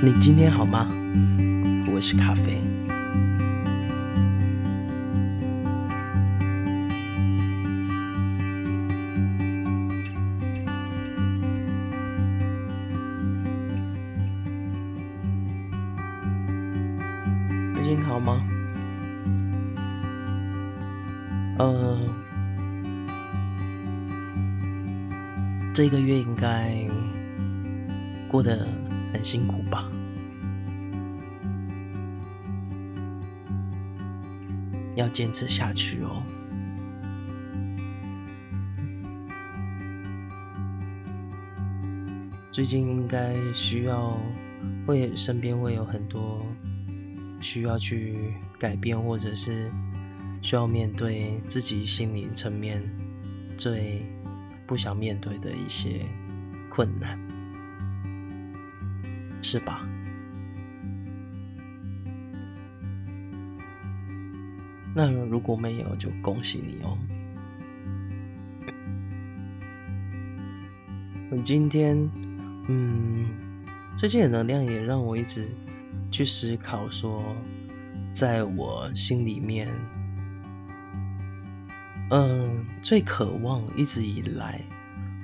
你今天好嗎？我是咖啡。堅持下去哦。最近應該需要會身邊會有很多需要去改變，或者是需要面對自己心理層面最不想面對的一些困難，是吧？那如果沒有，就恭喜你哦。我今天，嗯，最近的能量也讓我一直去思考，說在我心裡面，嗯，最渴望一直以來，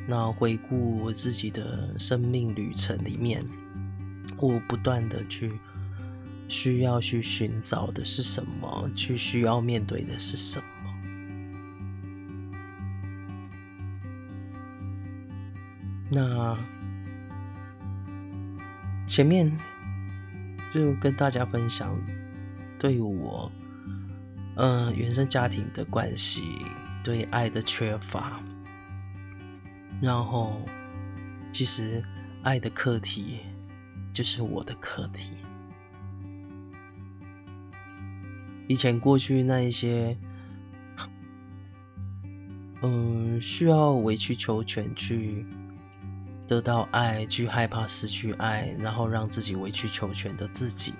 那回顧我自己的生命旅程裡面，我不斷的去。需要去尋找的是什麼？去需要面對的是什麼？那前面就跟大家分享，對於我，呃，原生家庭的關係，對愛的缺乏，然後其實愛的課題就是我的課題。以前過去那一些，嗯、呃，需要委曲求全去得到愛，去害怕失去愛，然後讓自己委曲求全的自己，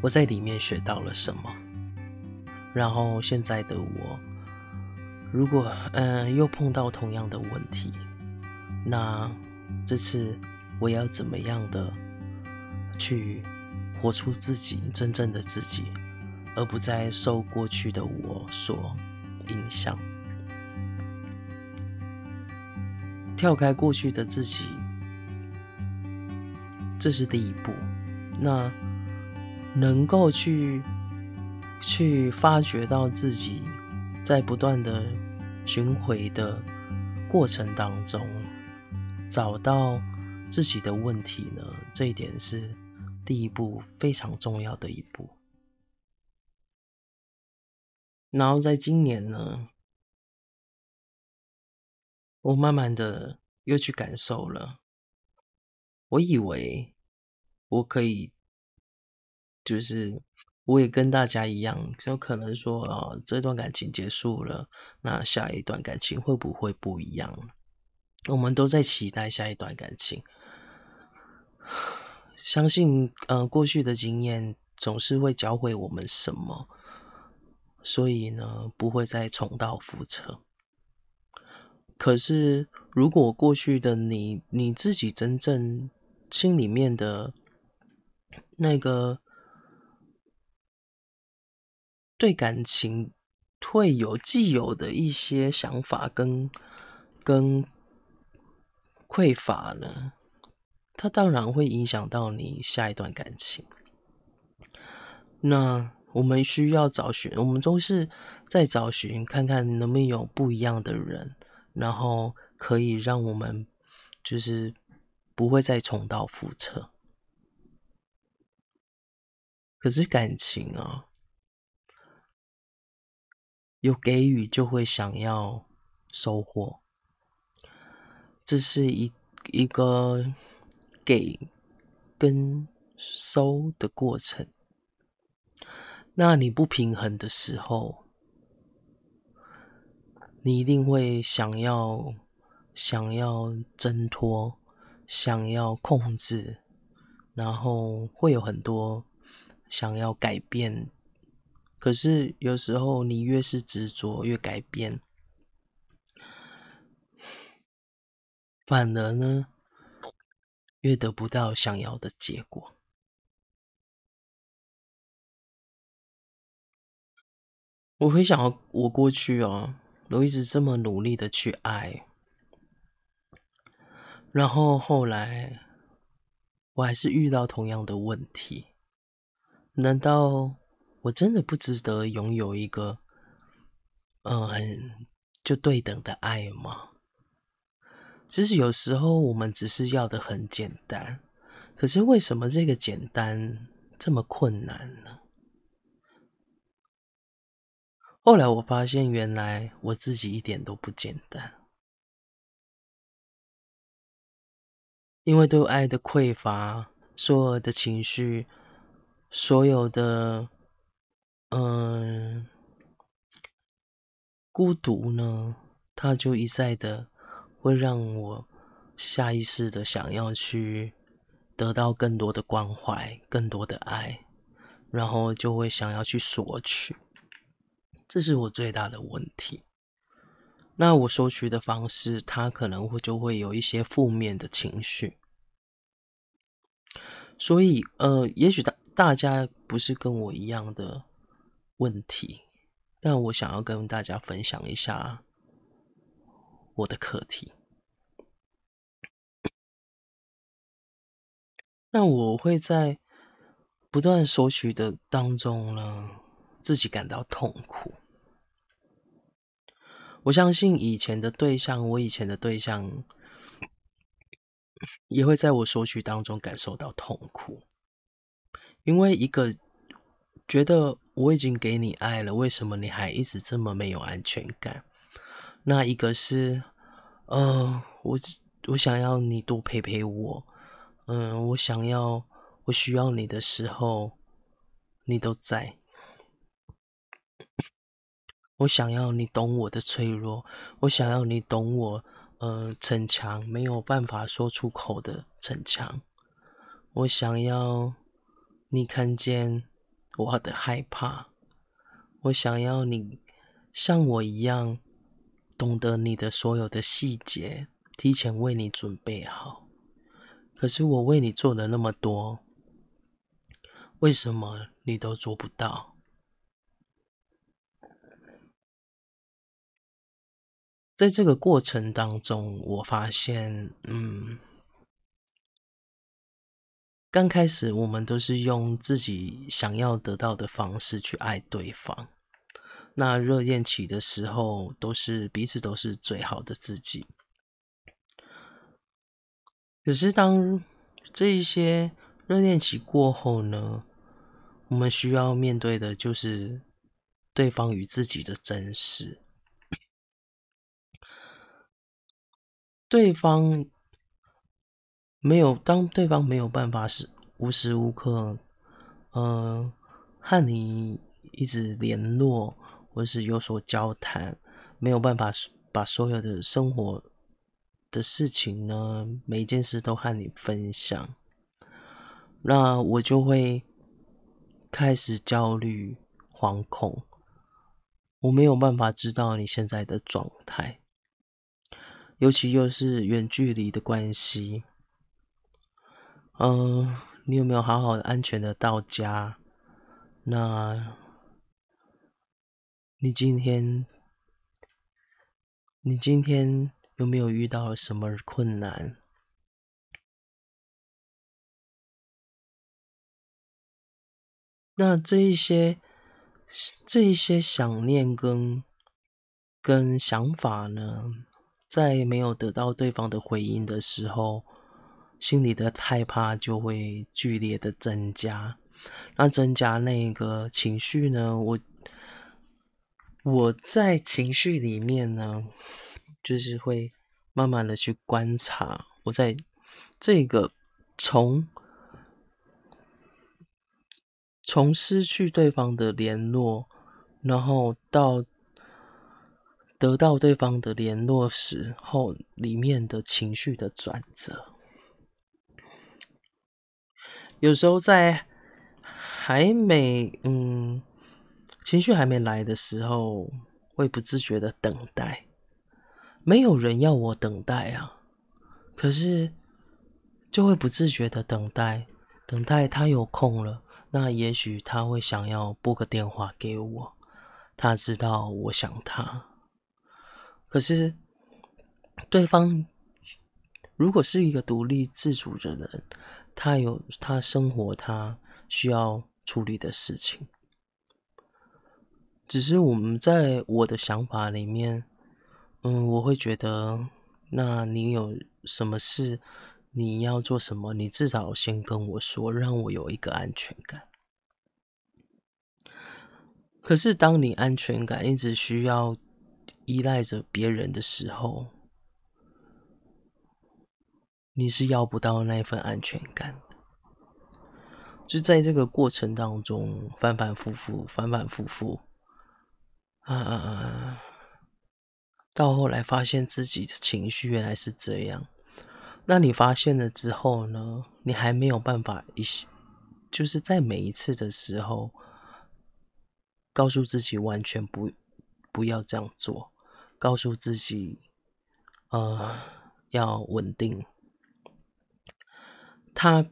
我在裡面學到了什麼？然後現在的我，如果，嗯、呃，又碰到同樣的問題，那這次我要怎麼樣的去活出自己，真正的自己？而不再受過去的我所影響，跳開過去的自己，這是第一步。那能夠去去發掘到自己在不斷的尋回的過程當中，找到自己的問題呢？這一點是第一步非常重要的一步。然後在今年呢，我慢慢的又去感受了。我以為我可以，就是我也跟大家一樣，就可能說啊、哦，這段感情結束了，那下一段感情會不會不一樣？我們都在期待下一段感情。相信，嗯、呃，過去的經驗總是會教會我們什麼。所以呢，不會再重蹈覆轍。可是，如果過去的你你自己真正心裡面的那個對感情，會有既有的一些想法跟跟匱乏呢，它當然會影響到你下一段感情。那。我們需要找尋，我們總是在找尋，看看能不能有不一樣的人，然後可以讓我們就是不會再重蹈覆轍。可是感情啊，有給予就會想要收穫，這是一一個給跟收的過程。那你不平衡的時候，你一定會想要、想要掙脫、想要控制，然後會有很多想要改變。可是有時候，你越是執着，越改變，反而呢，越得不到想要的結果。我回想，我過去啊，都一直這麼努力的去愛，然後後來我還是遇到同樣的問題。難道我真的不值得擁有一個嗯，很就對等的愛嗎？其實有時候我們只是要的很簡單，可是為什麼這個簡單這麼困難呢？後來我發現，原來我自己一點都不簡單，因為對愛的匱乏，所有的情緒，所有的，嗯，孤獨呢，它就一再的會讓我下意識的想要去得到更多的關懷，更多的愛，然後就會想要去索取。這是我最大的問題。那我索取的方式，他可能會就會有一些負面的情緒。所以，呃，也許大大家不是跟我一樣的問題，但我想要跟大家分享一下我的課題。那我會在不斷索取的當中呢，自己感到痛苦。我相信以前的對象，我以前的對象也會在我索取當中感受到痛苦，因為一個覺得我已經給你愛了，為什麼你還一直這麼沒有安全感？那一個是，嗯、呃，我我想要你多陪陪我，嗯、呃，我想要我需要你的時候，你都在。我想要你懂我的脆弱，我想要你懂我，呃，逞強沒有辦法說出口的逞強。我想要你看見我的害怕，我想要你像我一樣懂得你的所有的細節，提前為你準備好。可是我為你做了那麼多，為什麼你都做不到？在這個過程當中，我發現，嗯，剛開始我們都是用自己想要得到的方式去愛對方，那熱戀期的時候，都是彼此都是最好的自己。可是當這一些熱戀期過後呢，我們需要面對的就是對方與自己的真實。對方沒有，當對方沒有辦法時，無時無刻，嗯、呃，和你一直聯絡，或是有所交談，沒有辦法把所有的生活的事情呢，每一件事都和你分享，那我就會開始焦慮、惶恐，我沒有辦法知道你現在的狀態。尤其又是遠距離的關係，嗯、呃，你有沒有好好安全的到家？那，你今天，你今天有沒有遇到什麼困難？那這一些，這一些想念跟跟想法呢？在沒有得到對方的回應的時候，心裡的害怕就會劇烈的增加，那增加那個情緒呢，我我在情緒裡面呢，就是會慢慢的去觀察，我在這個從從失去對方的聯絡，然後到。得到對方的聯絡時候，裡面的情緒的轉折，有時候在還沒，嗯，情緒還沒來的時候，會不自覺的等待。沒有人要我等待啊，可是就會不自覺的等待，等待他有空了。那也許他會想要撥個電話給我，他知道我想他。可是，對方如果是一個獨立自主的人，他有他生活，他需要處理的事情。只是我們在我的想法裡面，嗯，我會覺得，那你有什麼事，你要做什麼，你至少先跟我說，讓我有一個安全感。可是，當你安全感一直需要。依賴着別人的時候，你是要不到那份安全感的。就在這個過程當中，反反复复，反反复复，啊啊啊！到後來發現自己的情緒原來是這樣，那你發現了之後呢？你還沒有辦法，一就是在每一次的時候，告訴自己完全不。不要這樣做，告訴自己，呃，要穩定。他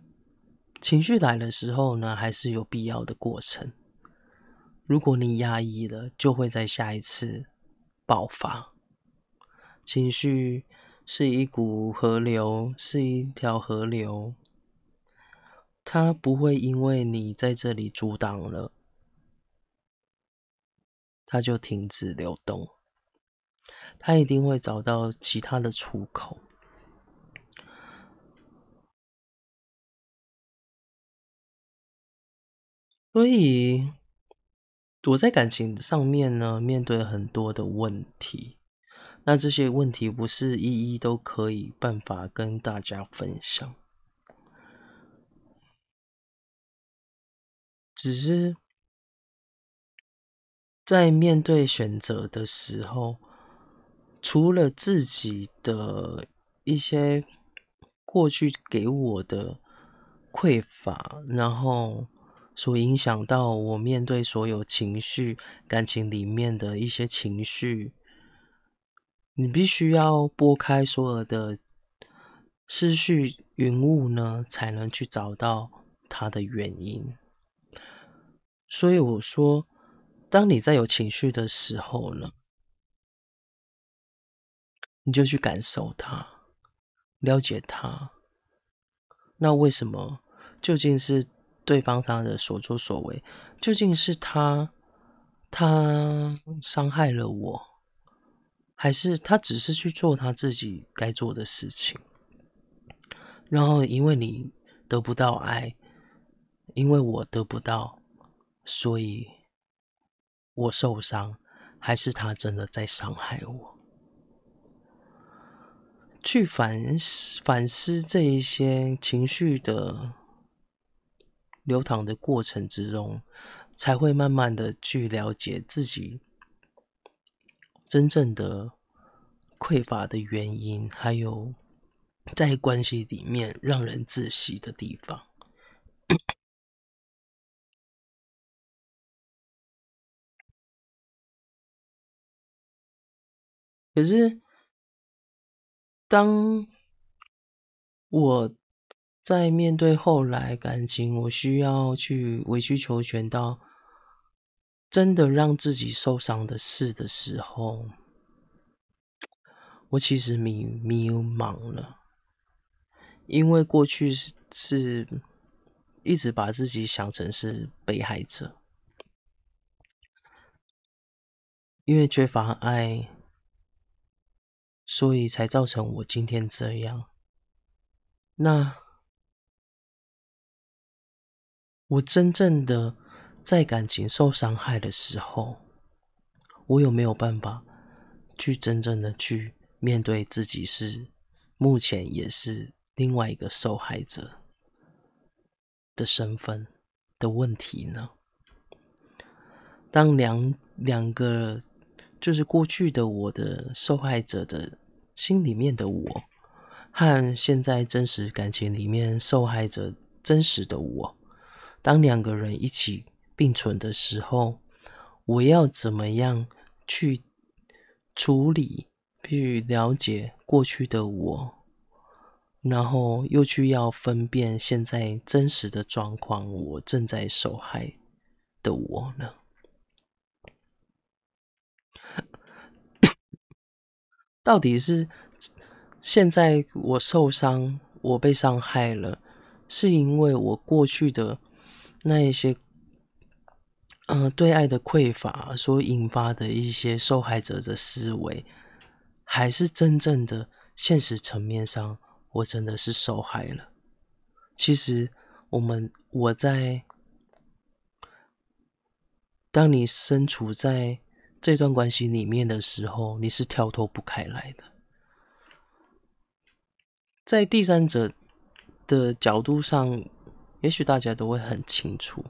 情緒來的時候呢，還是有必要的過程。如果你壓抑了，就會在下一次爆發。情緒是一股河流，是一條河流，它不會因為你在這裡阻擋了。它就停止流動，它一定會找到其他的出口。所以，我在感情上面呢，面對很多的問題，那這些問題不是一一都可以辦法跟大家分享，只是。在面對選擇的時候，除了自己的一些過去給我的匱乏，然後所影響到我面對所有情緒、感情裡面的一些情緒，你必須要撥開所有的思緒雲霧呢，才能去找到它的原因。所以我說。當你在有情緒的時候呢，你就去感受它，了解它。那為什麼？究竟是對方他的所作所為？究竟是他他傷害了我？還是他只是去做他自己該做的事情？然後因為你得不到愛，因為我得不到，所以。我受傷，還是他真的在傷害我？去反思反思，這一些情緒的流淌的過程之中，才會慢慢的去了解自己真正的匱乏的原因，還有在關係裡面讓人窒息的地方。 可是，當我在面對後來感情，我需要去委曲求全到真的讓自己受傷的事的時候，我其實迷迷茫了，因為過去是一直把自己想成是被害者，因為缺乏愛。所以才造成我今天這樣。那我真正的在感情受傷害的時候，我有沒有辦法去真正的去面對自己是目前也是另外一個受害者的身份的問題呢？當兩兩個就是過去的我的受害者的。心裡面的我，和現在真實感情裡面受害者真實的我，當兩個人一起並存的時候，我要怎麼樣去處理、去了解過去的我，然後又去要分辨現在真實的狀況，我正在受害的我呢？到底是現在我受傷，我被傷害了，是因為我過去的那一些，嗯、呃，對愛的匱乏所引發的一些受害者的思維，還是真正的現實層面上，我真的是受害了？其實，我們我在當你身處在。這段關係裡面的時候，你是跳脫不開來的。在第三者的角度上，也許大家都會很清楚。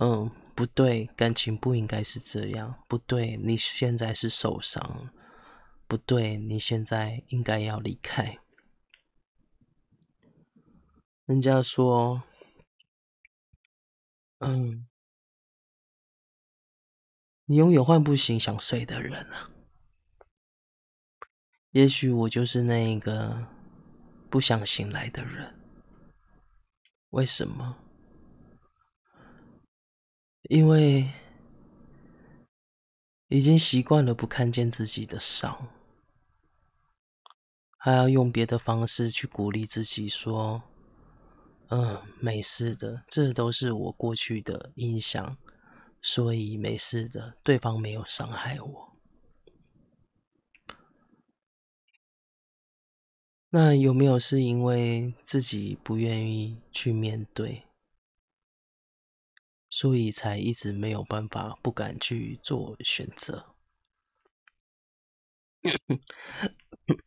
嗯，不對，感情不應該是這樣。不對，你現在是受傷。不對，你現在應該要離開。人家說，嗯。你永遠喚不醒想睡的人啊！也許我就是那一個不想醒來的人。為什麼？因為已經習慣了不看見自己的傷，還要用別的方式去鼓勵自己，說：“嗯，沒事的，這都是我過去的印象。”所以沒事的，對方沒有傷害我。那有沒有是因為自己不願意去面對，所以才一直沒有辦法、不敢去做選擇？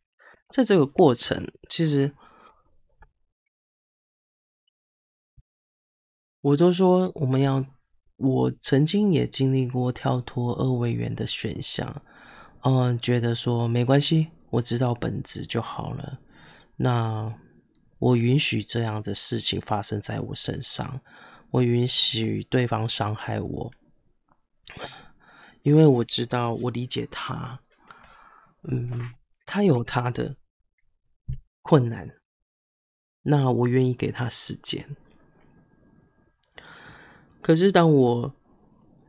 在這個過程，其實我都說我們要。我曾經也經歷過跳脫二位元的選項，嗯，覺得說沒關係，我知道本質就好了。那我允許這樣的事情發生在我身上，我允許對方傷害我，因為我知道我理解他，嗯，他有他的困難，那我願意給他時間。可是，當我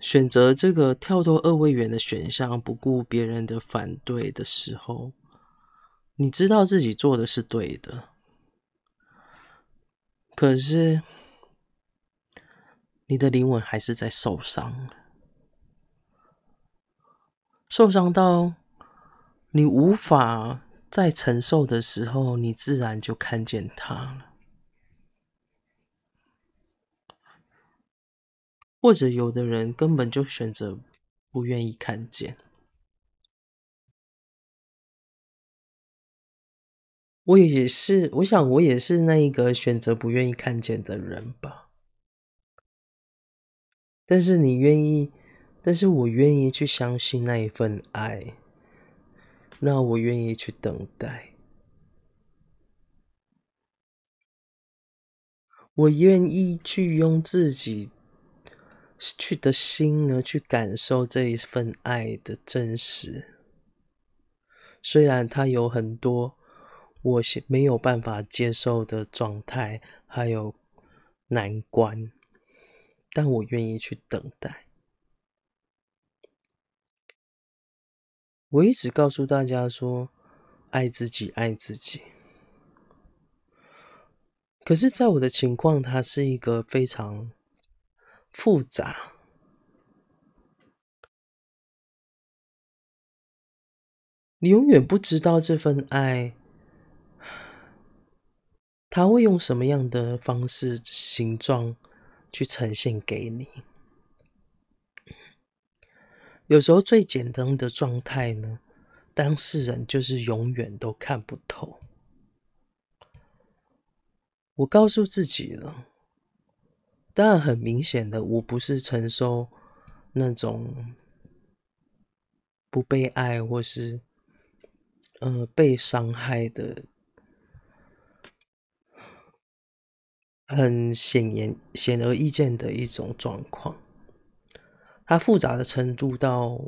選擇這個跳脫二位元的選項，不顧別人的反對的時候，你知道自己做的是對的。可是，你的靈魂還是在受傷。受傷到你無法再承受的時候，你自然就看見他了。或者有的人根本就選擇不願意看見。我也是，我想我也是那一個選擇不願意看見的人吧。但是你願意，但是我願意去相信那一份愛。那我願意去等待。我願意去用自己。去的心呢？去感受這一份愛的真實。雖然它有很多我沒有辦法接受的狀態，還有難關，但我願意去等待。我一直告訴大家說：“愛自己，愛自己。”可是，在我的情況，它是一個非常……複雜，你永遠不知道這份愛，它會用什麼樣的方式、形狀去呈現給你。有時候最簡單的狀態呢，當事人就是永遠都看不透。我告訴自己了。當然，很明顯的，我不是承受那種不被愛或是呃被傷害的，很顯眼顯而易見的一種狀況。它複雜的程度到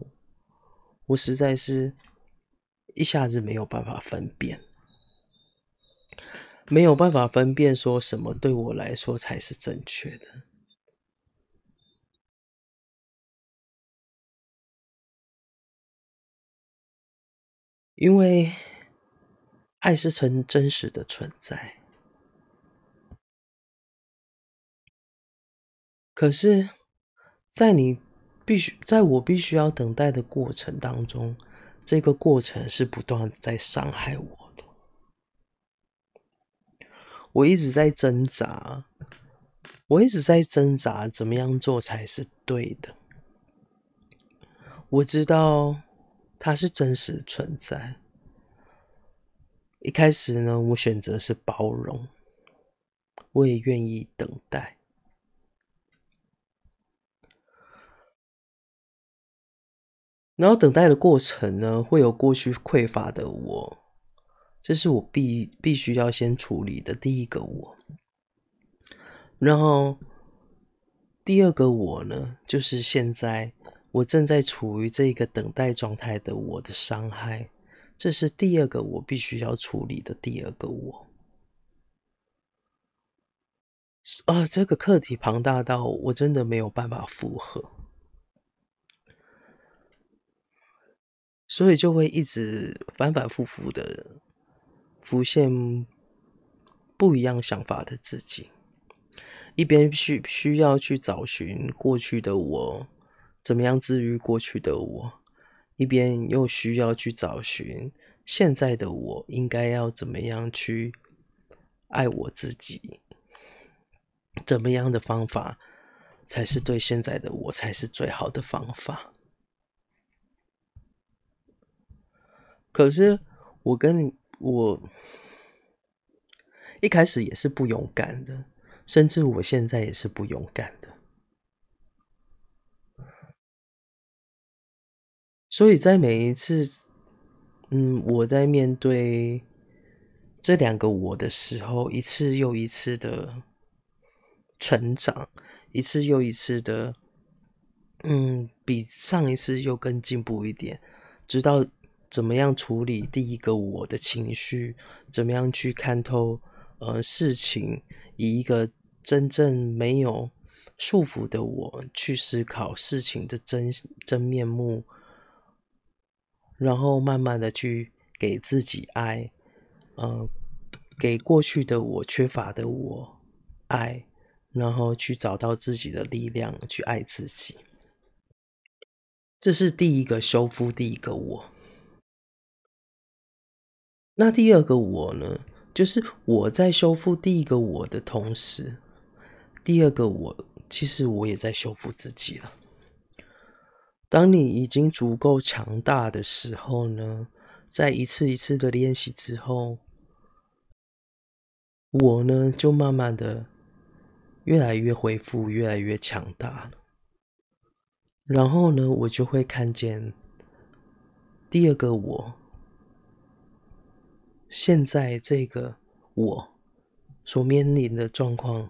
我實在是一下子沒有辦法分辨。沒有辦法分辨說什麼對我來說才是正確的，因為愛是成真實的存在。可是，在你必須在我必須要等待的過程當中，這個過程是不斷的在傷害我。我一直在掙扎，我一直在掙扎，怎麼樣做才是對的？我知道它是真實存在。一開始呢，我選擇是包容，我也願意等待。然後等待的過程呢，會有過去匱乏的我。這是我必必須要先處理的第一個我，然後第二個我呢，就是現在我正在處於這個等待狀態的我的傷害，這是第二個我必須要處理的第二個我，啊，這個課題龐大到我真的沒有辦法負荷，所以就會一直反反复复的。浮現不一樣想法的自己，一邊需需要去找尋過去的我，怎麼樣治癒過去的我，一邊又需要去找尋現在的我，應該要怎麼樣去愛我自己？怎麼樣的方法才是對現在的我才是最好的方法？可是我跟你。我一開始也是不勇敢的，甚至我現在也是不勇敢的。所以在每一次，嗯，我在面對這兩個我的時候，一次又一次的成長，一次又一次的，嗯，比上一次又更進步一點，直到。怎麼樣處理第一個我的情緒？怎麼樣去看透呃事情？以一個真正沒有束縛的我去思考事情的真真面目，然後慢慢的去給自己愛，嗯、呃，給過去的我缺乏的我愛，然後去找到自己的力量去愛自己。這是第一個修復第一個我。那第二個我呢，就是我在修復第一個我的同時，第二個我其實我也在修復自己了。當你已經足夠強大的時候呢，在一次一次的練習之後，我呢就慢慢的越來越恢復，越來越強大。然後呢，我就會看見第二個我，現在這個我所面臨的狀況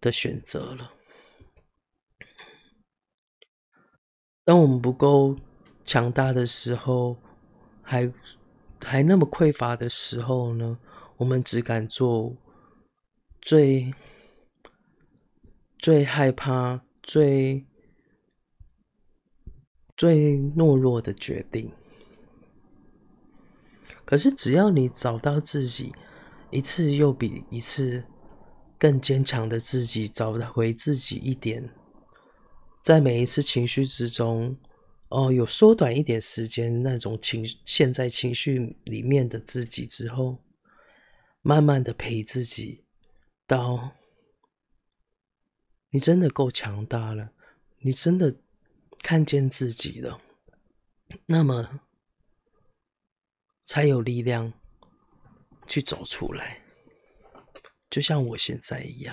的選擇了。當我們不夠強大的時候，還還那麼匱乏的時候呢，我們只敢做最最害怕、最最懦弱的決定。可是，只要你找到自己，一次又比一次更堅強的自己，找回自己一點，在每一次情緒之中，哦，有縮短一點時間，那種情，陷在情緒裡面的自己之後，慢慢的陪自己到，到你真的夠強大了，你真的看見自己了，那麼。才有力量去走出來，就像我現在一樣。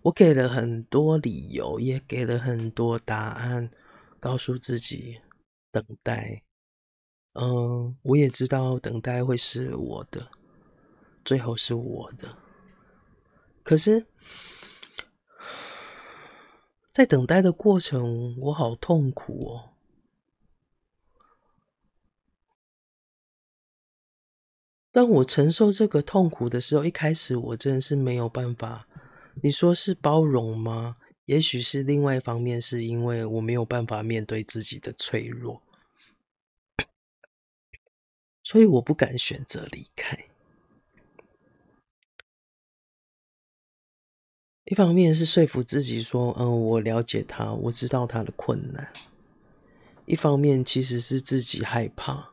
我給了很多理由，也給了很多答案，告訴自己等待。嗯，我也知道等待會是我的，最後是我的。可是，在等待的過程，我好痛苦哦。當我承受這個痛苦的時候，一開始我真的是沒有辦法。你說是包容嗎？也許是另外一方面，是因為我沒有辦法面對自己的脆弱，所以我不敢選擇離開。一方面是說服自己說：“嗯，我了解他，我知道他的困難。”一方面其實是自己害怕。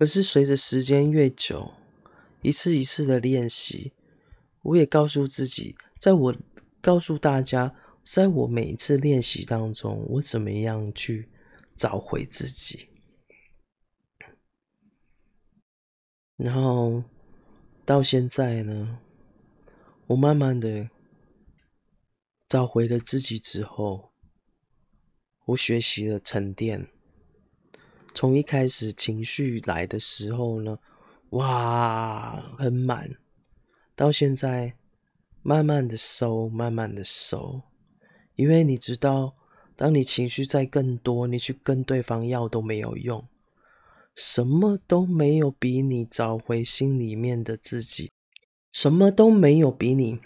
可是隨着時間越久，一次一次的練習，我也告訴自己，在我告訴大家，在我每一次練習當中，我怎麼樣去找回自己。然後到現在呢，我慢慢的找回了自己之後，我學習了沉澱。從一開始情緒來的時候呢，哇，很滿，到現在慢慢的收，慢慢的收，因為你知道，當你情緒再更多，你去跟對方要都沒有用，什麼都沒有比你找回心裡面的自己，什麼都沒有比你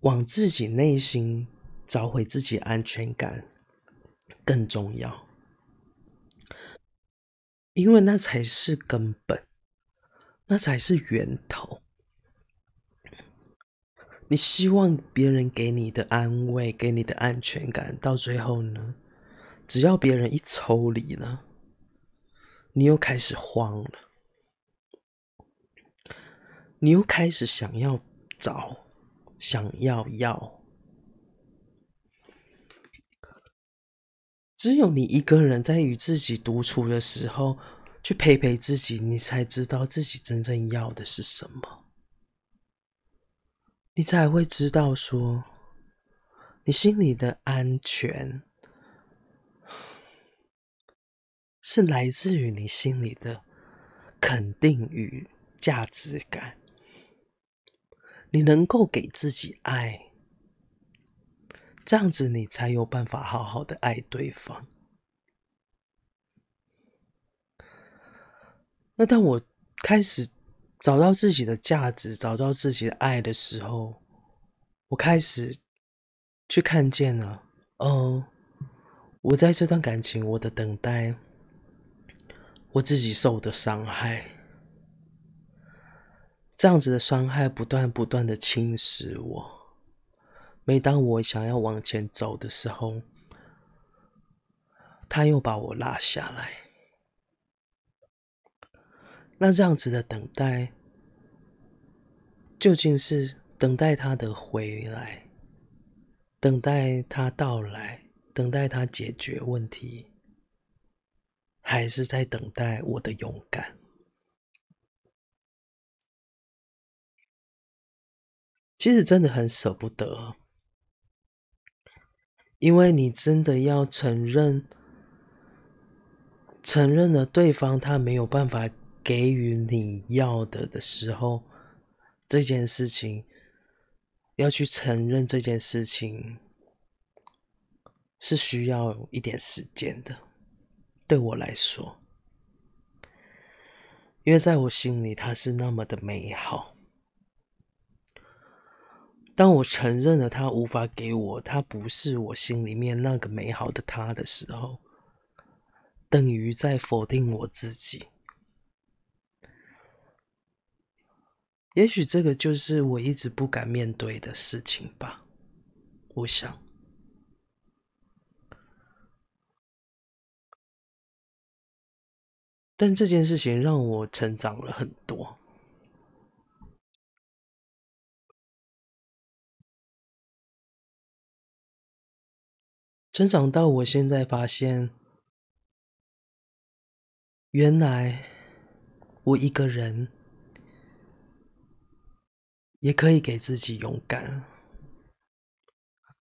往自己內心找回自己安全感更重要。因為那才是根本，那才是源頭。你希望別人給你的安慰，給你的安全感，到最後呢，只要別人一抽離了，你又開始慌了，你又開始想要找，想要要。只有你一個人在與自己獨處的時候，去陪陪自己，你才知道自己真正要的是什麼，你才會知道說，你心裡的安全是來自於你心裡的肯定與價值感，你能夠給自己愛。這樣子你才有辦法好好的愛對方。那當我開始找到自己的價值，找到自己的愛的時候，我開始去看見了，哦，我在這段感情，我的等待，我自己受的傷害，這樣子的傷害不斷不斷的侵蝕我。每當我想要往前走的時候，他又把我拉下來。那這樣子的等待，究竟是等待他的回來，等待他到來，等待他解決問題，還是在等待我的勇敢？其實真的很捨不得。因為你真的要承認，承認了對方他沒有辦法給予你要的的時候，這件事情要去承認這件事情，是需要一點時間的，對我來說。因為在我心裡他是那麼的美好。當我承認了他無法給我，他不是我心裡面那個美好的他的時候，等於在否定我自己。也許這個就是我一直不敢面對的事情吧，我想。但這件事情讓我成長了很多。成長到我現在發現，原來我一個人也可以給自己勇敢。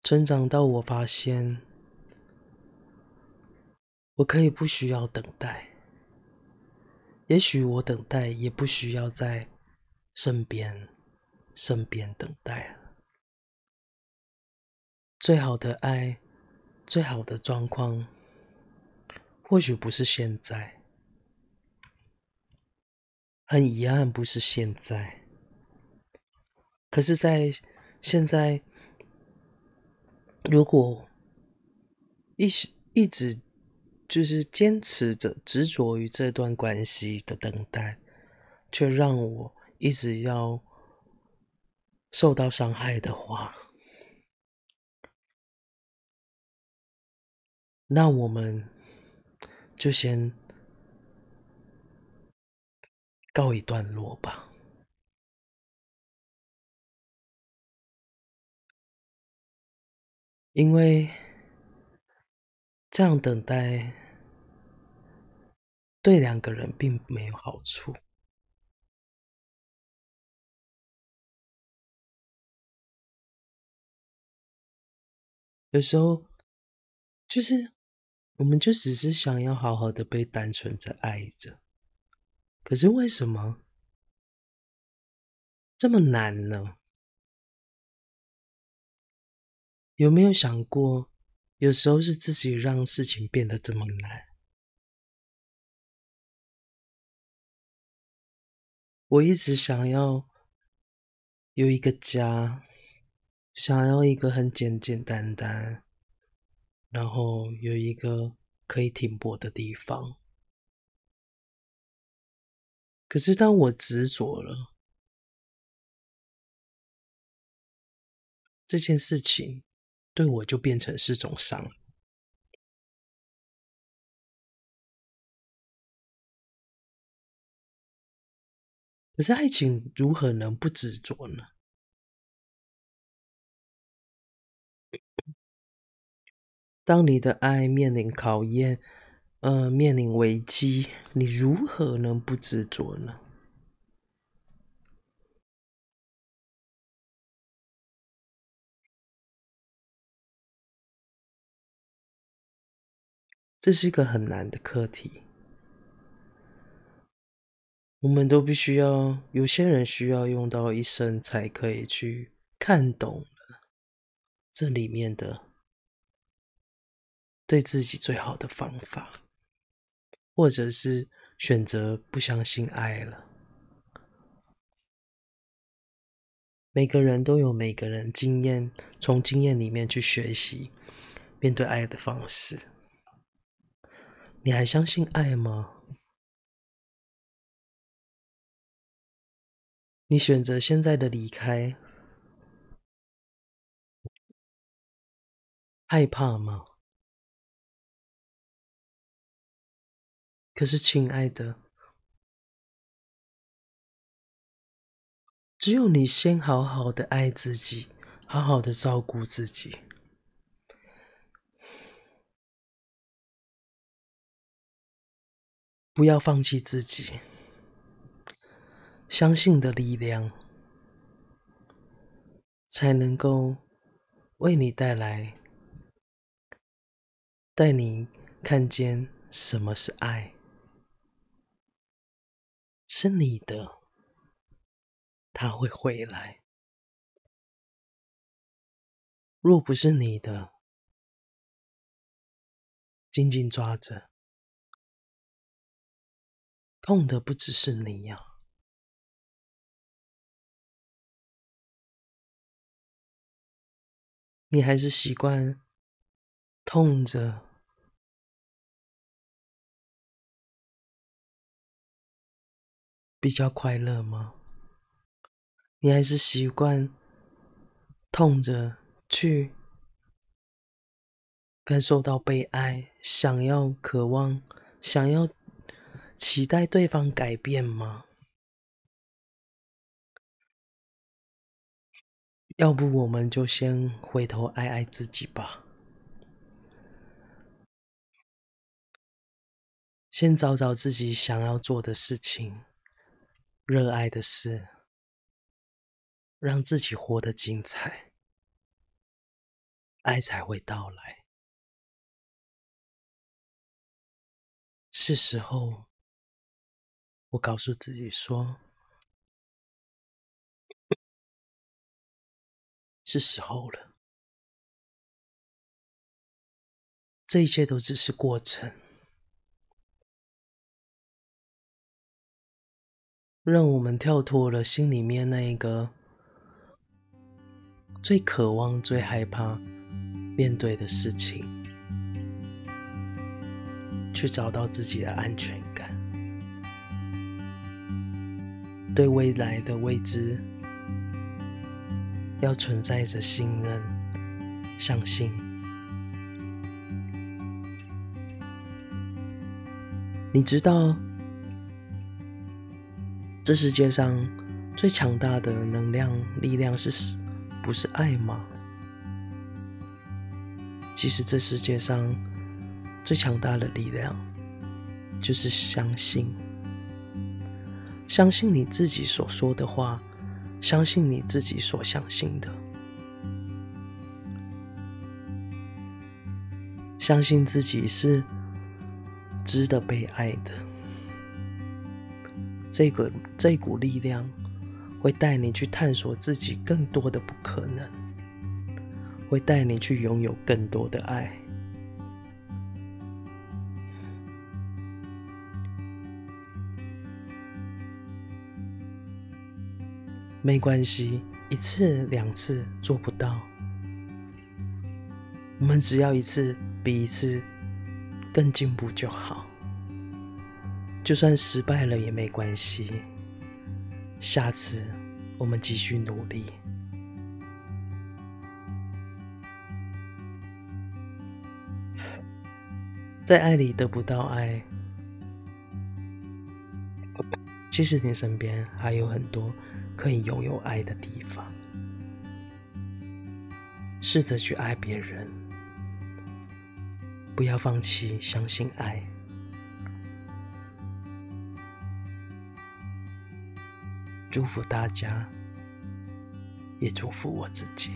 成長到我發現，我可以不需要等待。也許我等待，也不需要在身邊，身邊等待最好的愛。最好的狀況，或許不是現在。很遺憾，不是現在。可是，在現在，如果一一直就是堅持着執着於這段關係的等待，卻讓我一直要受到傷害的話。那我們就先告一段落吧，因為這樣等待對兩個人並沒有好處。有時候就是。我們就只是想要好好的被單純着愛着，可是為什麼這麼難呢？有沒有想過，有時候是自己讓事情變得這麼難？我一直想要有一個家，想要一個很簡簡單單。然後有一個可以停泊的地方，可是當我執着了這件事情，對我就變成是種傷。可是愛情如何能不執着呢？當你的愛面臨考驗，呃，面臨危機，你如何能不執着呢？這是一個很難的課題。我們都必須要，有些人需要用到一生才可以去看懂了這裡面的。對自己最好的方法，或者是選擇不相信愛了。每個人都有每個人經驗，從經驗裡面去學習面對愛的方式。你還相信愛嗎？你選擇現在的離開，害怕嗎？可是，親愛的，只有你先好好的愛自己，好好的照顧自己，不要放棄自己，相信的力量，才能夠為你帶來，帶你看見什麼是愛。是你的，他會回來。若不是你的，緊緊抓着，痛的不只是你呀、啊。你還是習慣痛着。比較快樂嗎？你還是習慣痛着去感受到被愛，想要、渴望、想要期待對方改變嗎？要不我們就先回頭愛愛自己吧，先找找自己想要做的事情。熱愛的是，讓自己活得精彩，愛才會到來。是時候，我告訴自己說，是時候了。這一切都只是過程。讓我們跳脫了心裡面那一個最渴望、最害怕面對的事情，去找到自己的安全感。對未來的未知，要存在着信任、相信。你知道。這世界上最強大的能量力量，是不是愛嗎？其實這世界上最強大的力量就是相信，相信你自己所說的話，相信你自己所相信的，相信自己是值得被愛的。這個這股力量會帶你去探索自己更多的不可能，會帶你去擁有更多的愛。沒關係，一次兩次做不到，我們只要一次比一次更進步就好。就算失敗了也沒關係，下次我們繼續努力。在愛裡得不到愛，其實你身邊還有很多可以擁有愛的地方。試着去愛別人，不要放棄，相信愛。祝福大家，也祝福我自己。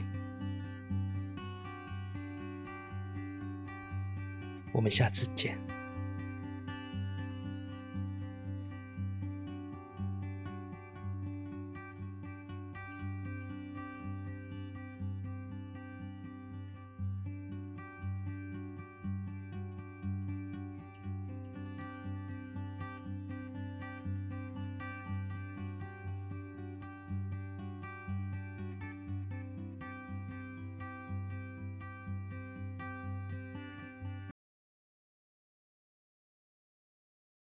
我們下次見。